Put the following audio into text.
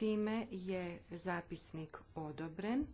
Time je zapisnik odobren.